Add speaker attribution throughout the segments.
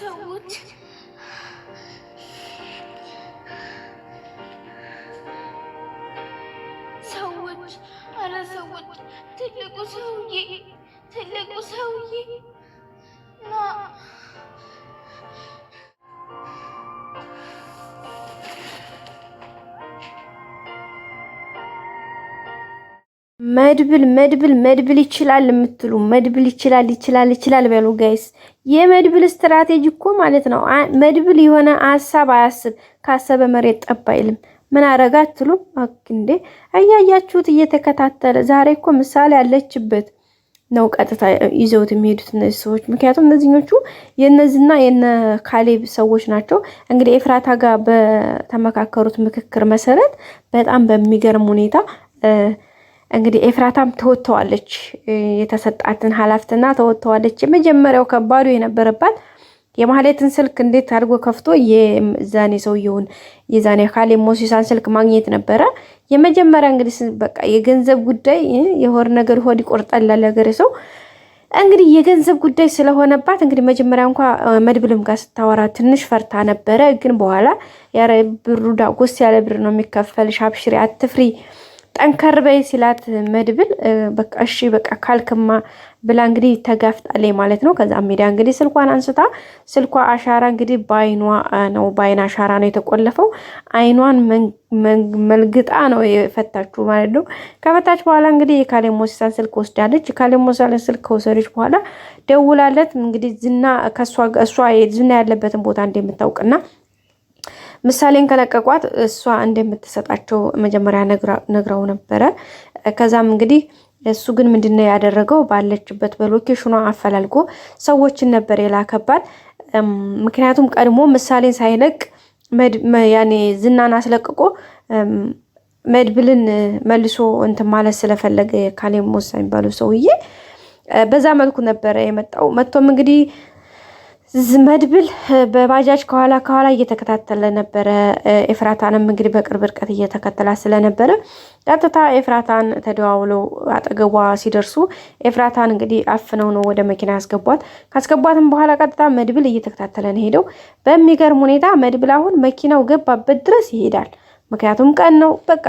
Speaker 1: 저 옷. መድብል መድብል መድብል ይችላል የምትሉ መድብል ይችላል ይችላል ይችላል በሉ ጋይስ። የመድብል ስትራቴጂ እኮ ማለት ነው። መድብል የሆነ ሀሳብ አያስብ፣ ካሰበ መሬት ጠብ አይልም። ምን አረጋ አትሉ እንዴ? አያያችሁት እየተከታተለ ዛሬ እኮ ምሳሌ ያለችበት ነው ቀጥታ ይዘውት የሚሄዱት እነዚህ ሰዎች። ምክንያቱም እነዚኞቹ የእነዚህና የነ ካሌብ ሰዎች ናቸው። እንግዲህ ኤፍራታ ጋር በተመካከሩት ምክክር መሰረት በጣም በሚገርም ሁኔታ እንግዲህ ኤፍራታም ተወጥተዋለች፣ የተሰጣትን ኃላፊትና ተወጥተዋለች። የመጀመሪያው ከባዱ የነበረባት የማህሌትን ስልክ እንዴት አድርጎ ከፍቶ የዛኔ ሰውየውን የዛኔ ካሌ ሞሲሳን ስልክ ማግኘት ነበረ የመጀመሪያ። እንግዲህ በቃ የገንዘብ ጉዳይ የሆር ነገር ሆድ ይቆርጣል ለገሬ ሰው እንግዲህ የገንዘብ ጉዳይ ስለሆነባት እንግዲህ መጀመሪያ እንኳ መድብልም ጋር ስታወራ ትንሽ ፈርታ ነበረ። ግን በኋላ ያረ ብሩ ዳጎስ ያለ ብር ነው የሚከፈል ሻብሽሪ አትፍሪ ጠንከር በይ ሲላት መድብል በቃ እሺ በቃ ካልክማ ብላ እንግዲህ ተጋፍጣለች ማለት ነው። ከዛ ሚዲያ እንግዲህ ስልኳን አንስታ ስልኳ አሻራ እንግዲህ በአይኗ ነው በአይን አሻራ ነው የተቆለፈው። አይኗን መልግጣ ነው የፈታችሁ ማለት ነው። ከፈታች በኋላ እንግዲህ የካሌ ሞሲሳን ስልክ ወስዳለች። የካሌ ሞሲሳን ስልክ ከወሰደች በኋላ ደውላለት እንግዲህ ዝና ከእሷ እሷ ዝና ያለበትን ቦታ እንደምታውቅና ምሳሌን ከለቀቋት እሷ እንደምትሰጣቸው መጀመሪያ ነግረው ነበረ። ከዛም እንግዲህ እሱ ግን ምንድነው ያደረገው? ባለችበት በሎኬሽኗ አፈላልጎ ሰዎችን ነበር የላከባት። ምክንያቱም ቀድሞ ምሳሌን ሳይለቅ ያኔ ዝናን አስለቅቆ መድብልን መልሶ እንትን ማለት ስለፈለገ ካሌ ሞሳ የሚባለው ሰውዬ በዛ መልኩ ነበረ የመጣው። መጥቶም እንግዲህ መድብል በባጃጅ ከኋላ ከኋላ እየተከታተለ ነበረ። ኤፍራታንም እንግዲህ በቅርብ ርቀት እየተከተላ ስለነበረ ቀጥታ ኤፍራታን ተደዋውሎ አጠገቧ ሲደርሱ ኤፍራታን እንግዲህ አፍነው ነው ወደ መኪና ያስገቧት። ካስገቧትም በኋላ ቀጥታ መድብል እየተከታተለ ነው ሄደው። በሚገርም ሁኔታ መድብል አሁን መኪናው ገባበት ድረስ ይሄዳል። ምክንያቱም ቀን ነው በቃ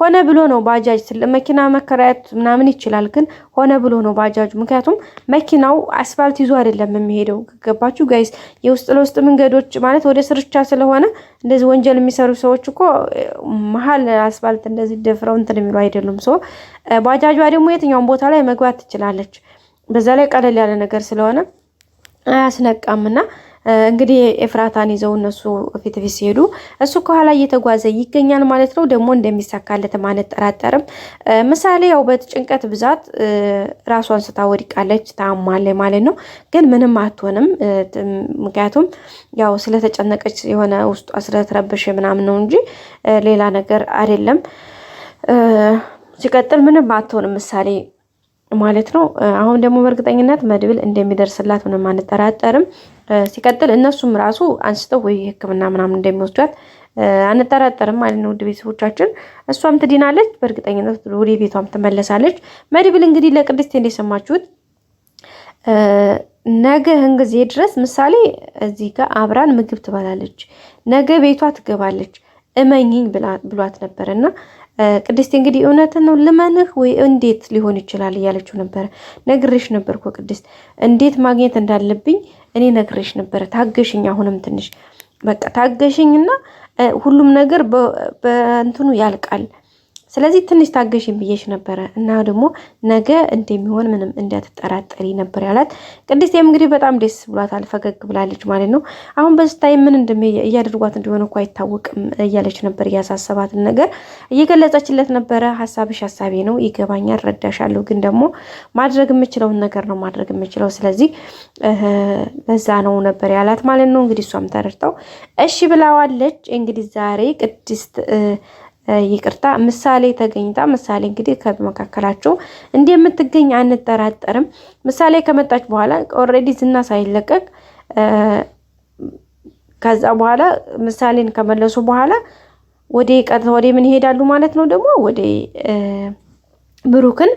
Speaker 1: ሆነ ብሎ ነው ባጃጅ መኪና መከራየት ምናምን ይችላል፣ ግን ሆነ ብሎ ነው ባጃጁ። ምክንያቱም መኪናው አስፋልት ይዞ አይደለም የሚሄደው። ገባችሁ ጋይስ? የውስጥ ለውስጥ መንገዶች ማለት ወደ ስርቻ ስለሆነ እንደዚህ ወንጀል የሚሰሩ ሰዎች እኮ መሀል አስፋልት እንደዚህ ደፍረው እንትን የሚሉ አይደሉም። ሰው ባጃጇ ደግሞ የትኛውን ቦታ ላይ መግባት ትችላለች። በዛ ላይ ቀለል ያለ ነገር ስለሆነ አያስነቃምና? እንግዲህ ኤፍራታን ይዘው እነሱ ፊት ፊት ሲሄዱ እሱ ከኋላ እየተጓዘ ይገኛል ማለት ነው። ደግሞ እንደሚሳካለት አንጠራጠርም። ምሳሌ ያው በጭንቀት ብዛት ራሷን ስታወድቃለች ወድቃለች፣ ታማለች ማለት ነው። ግን ምንም አትሆንም፣ ምክንያቱም ያው ስለተጨነቀች የሆነ ውስጧ ስለተረበሸ ምናምን ነው እንጂ ሌላ ነገር አይደለም። ሲቀጥል ምንም አትሆንም ምሳሌ ማለት ነው። አሁን ደግሞ በእርግጠኝነት መድብል እንደሚደርስላት ምንም አንጠራጠርም። ሲቀጥል እነሱም ራሱ አንስተው ወይ ሕክምና ምናምን እንደሚወስዷት አንጠራጠርም ማለት ነው። ውድ ቤተሰቦቻችን እሷም ትድናለች፣ በእርግጠኝነት ወደ ቤቷም ትመለሳለች። መድብል እንግዲህ ለቅድስቴ እንደሰማችሁት ነገ ህንጊዜ ድረስ ምሳሌ እዚህ ጋር አብራን ምግብ ትበላለች፣ ነገ ቤቷ ትገባለች እመኝኝ ብሏት ነበር እና ቅድስት እንግዲህ እውነትን ነው ልመንህ ወይ እንዴት ሊሆን ይችላል እያለችው ነበረ። ነግሬሽ ነበር እኮ ቅድስት፣ እንዴት ማግኘት እንዳለብኝ እኔ ነግሬሽ ነበረ። ታገሽኝ፣ አሁንም ትንሽ በቃ ታገሽኝና ሁሉም ነገር በእንትኑ ያልቃል ስለዚህ ትንሽ ታገሽ ብዬሽ ነበረ እና ደግሞ ነገ እንደሚሆን ምንም እንዳትጠራጠሪ ነበር ያላት። ቅድስቴም እንግዲህ በጣም ደስ ብሏታል፣ ፈገግ ብላለች ማለት ነው። አሁን በዚህ ታይም ምን እያደርጓት እንደሆነ እኮ አይታወቅም እያለች ነበር፣ እያሳሰባትን ነገር እየገለጸችለት ነበረ። ሀሳብሽ ሀሳቤ ነው፣ ይገባኛል፣ ረዳሻለሁ፣ ግን ደግሞ ማድረግ የምችለውን ነገር ነው ማድረግ የምችለው። ስለዚህ ለዛ ነው ነበር ያላት ማለት ነው። እንግዲህ እሷም ተረድተው እሺ ብላዋለች። እንግዲህ ዛሬ ቅድስት ይቅርታ ምሳሌ ተገኝታ ምሳሌ እንግዲህ ከመካከላቸው እንደምትገኝ አንጠራጠርም። ምሳሌ ከመጣች በኋላ ኦልሬዲ ዝና ሳይለቀቅ ከዛ በኋላ ምሳሌን ከመለሱ በኋላ ወደ ቀጥታ ወደ ምን ይሄዳሉ ማለት ነው። ደግሞ ወደ ብሩክን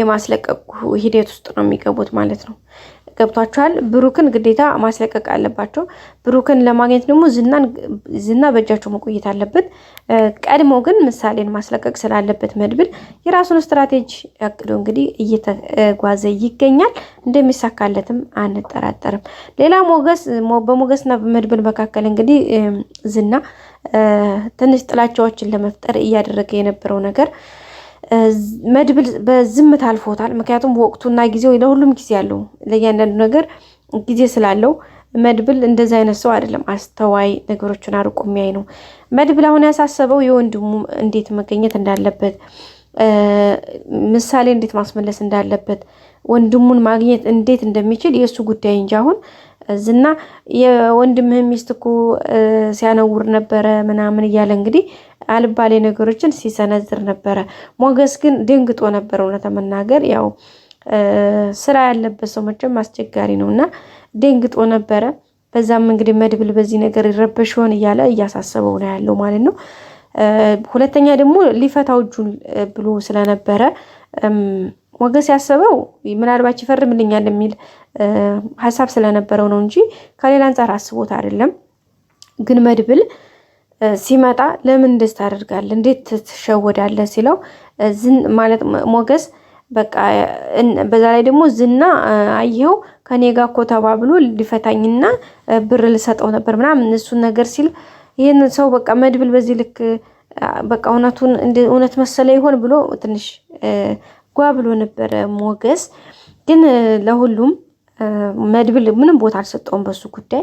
Speaker 1: የማስለቀቁ ሂደት ውስጥ ነው የሚገቡት ማለት ነው። ገብቷቸዋል። ብሩክን ግዴታ ማስለቀቅ አለባቸው። ብሩክን ለማግኘት ደግሞ ዝናን ዝና በእጃቸው መቆየት አለበት። ቀድሞ ግን ምሳሌን ማስለቀቅ ስላለበት መድብል የራሱን ስትራቴጂ አቅዶ እንግዲህ እየተጓዘ ይገኛል። እንደሚሳካለትም አንጠራጠርም። ሌላ ሞገስ በሞገስና በመድብል መካከል እንግዲህ ዝና ትንሽ ጥላቻዎችን ለመፍጠር እያደረገ የነበረው ነገር መድብል በዝምታ አልፎታል። ምክንያቱም ወቅቱና ጊዜው ለሁሉም ጊዜ አለው፣ ለእያንዳንዱ ነገር ጊዜ ስላለው መድብል እንደዚህ አይነት ሰው አይደለም። አስተዋይ ነገሮችን አርቆ የሚያይ ነው። መድብል አሁን ያሳሰበው የወንድሙ እንዴት መገኘት እንዳለበት፣ ምሳሌ እንዴት ማስመለስ እንዳለበት፣ ወንድሙን ማግኘት እንዴት እንደሚችል የእሱ ጉዳይ እንጂ አሁን ዝና የወንድምህ ሚስት እኮ ሲያነውር ነበረ ምናምን እያለ እንግዲህ አልባሌ ነገሮችን ሲሰነዝር ነበረ። ሞገስ ግን ደንግጦ ነበር። እውነት መናገር ያው ስራ ያለበት ሰው መቼም አስቸጋሪ ነው እና ደንግጦ ነበረ። በዛም እንግዲህ መድብል በዚህ ነገር ይረበሽ ሆን እያለ እያሳሰበው ነው ያለው ማለት ነው። ሁለተኛ ደግሞ ሊፈታው እጁን ብሎ ስለነበረ ሞገስ ያሰበው ምናልባት ይፈርምልኛል የሚል ሀሳብ ስለነበረው ነው እንጂ ከሌላ አንጻር አስቦት አይደለም። ግን መድብል ሲመጣ ለምን እንደዚህ ታደርጋለህ? እንዴት ትሸወዳለህ? ሲለው ማለት ሞገስ በቃ በዛ ላይ ደግሞ ዝና አየው ከኔ ጋር እኮ ተባብሎ ሊፈታኝና ብር ልሰጠው ነበር ምናምን እሱን ነገር ሲል ይህን ሰው በቃ መድብል በዚህ ልክ በቃ እውነቱን እውነት መሰለ ይሆን ብሎ ትንሽ ጓ ብሎ ነበረ ሞገስ። ግን ለሁሉም መድብል ምንም ቦታ አልሰጠውም በሱ ጉዳይ።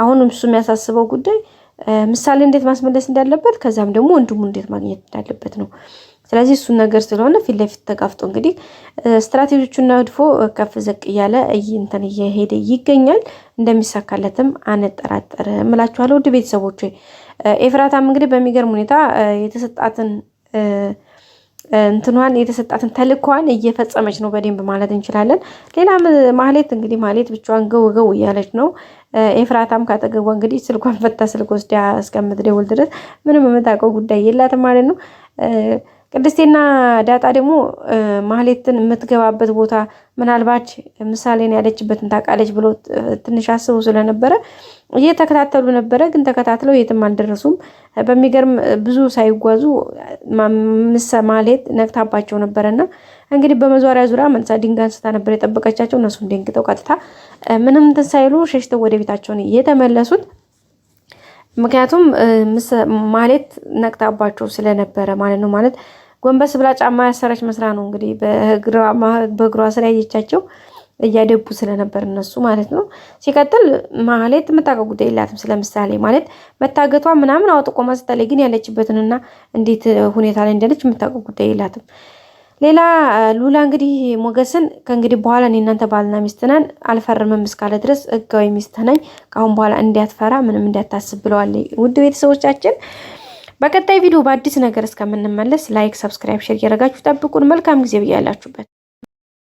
Speaker 1: አሁንም እሱ የሚያሳስበው ጉዳይ ምሳሌ እንዴት ማስመለስ እንዳለበት ከዛም ደግሞ ወንድሙ እንዴት ማግኘት እንዳለበት ነው። ስለዚህ እሱን ነገር ስለሆነ ፊት ለፊት ተጋፍጦ እንግዲህ ስትራቴጂዎቹን ነድፎ ከፍ ዘቅ እያለ እንትን እየሄደ ይገኛል። እንደሚሳካለትም አነጠራጠርም እላችኋለሁ ውድ ቤተሰቦች። ኤፍራታም እንግዲህ በሚገርም ሁኔታ የተሰጣትን እንትኗን የተሰጣትን ተልኳን እየፈጸመች ነው በደንብ ማለት እንችላለን። ሌላ ማህሌት እንግዲህ ማህሌት ብቻዋን ገው ገው እያለች ነው። ኤፍራታም ካጠገቧ እንግዲህ ስልኳን ፈታ ስልክ ወስዳ እስከምትደውል ድረስ ምንም የምታውቀው ጉዳይ የላትም ማለት ነው። ቅድስቴና ዳጣ ደግሞ ማህሌትን የምትገባበት ቦታ ምናልባት ምሳሌን ያለችበትን ታውቃለች ብሎ ትንሽ አስቡ ስለነበረ እየተከታተሉ ነበረ። ግን ተከታትለው የትም አልደረሱም። በሚገርም ብዙ ሳይጓዙ ማህሌት ነቅታባቸው ነበረና እንግዲህ በመዟሪያ ዙሪያ መንሳ ድንጋይ አንስታ ነበር የጠበቀቻቸው። እነሱም ደንግጠው ቀጥታ ምንም እንትን ሳይሉ ሸሽተው ወደ ቤታቸውን እየተመለሱት ምክንያቱም ማህሌት ነቅታባቸው ስለነበረ ማለት ነው ማለት ጎንበስ ብላ ጫማ ያሰረች መስራ ነው እንግዲህ በእግሯ ስራ ያየቻቸው እያደቡ ስለነበር እነሱ ማለት ነው። ሲቀጥል ማህሌት የምታውቀው ጉዳይ የላትም። ስለምሳሌ ማለት መታገቷ ምናምን አውጥቆማ ማስታለይ ግን ያለችበትንና እንዴት ሁኔታ ላይ እንዳለች የምታውቀው ጉዳይ የላትም። ሌላ ሉላ እንግዲህ ሞገስን ከእንግዲህ በኋላ እኔ እናንተ ባልና ሚስት ነን አልፈርምም እስካለ ድረስ ህጋዊ ሚስት ነኝ ከአሁን በኋላ እንዲያትፈራ ምንም እንዲያታስብ ብለዋል። ውድ ቤተሰቦቻችን በቀጣይ ቪዲዮ በአዲስ ነገር እስከምንመለስ ላይክ፣ ሰብስክራይብ፣ ሼር እያደረጋችሁ ጠብቁን። መልካም ጊዜ ብያላችሁበት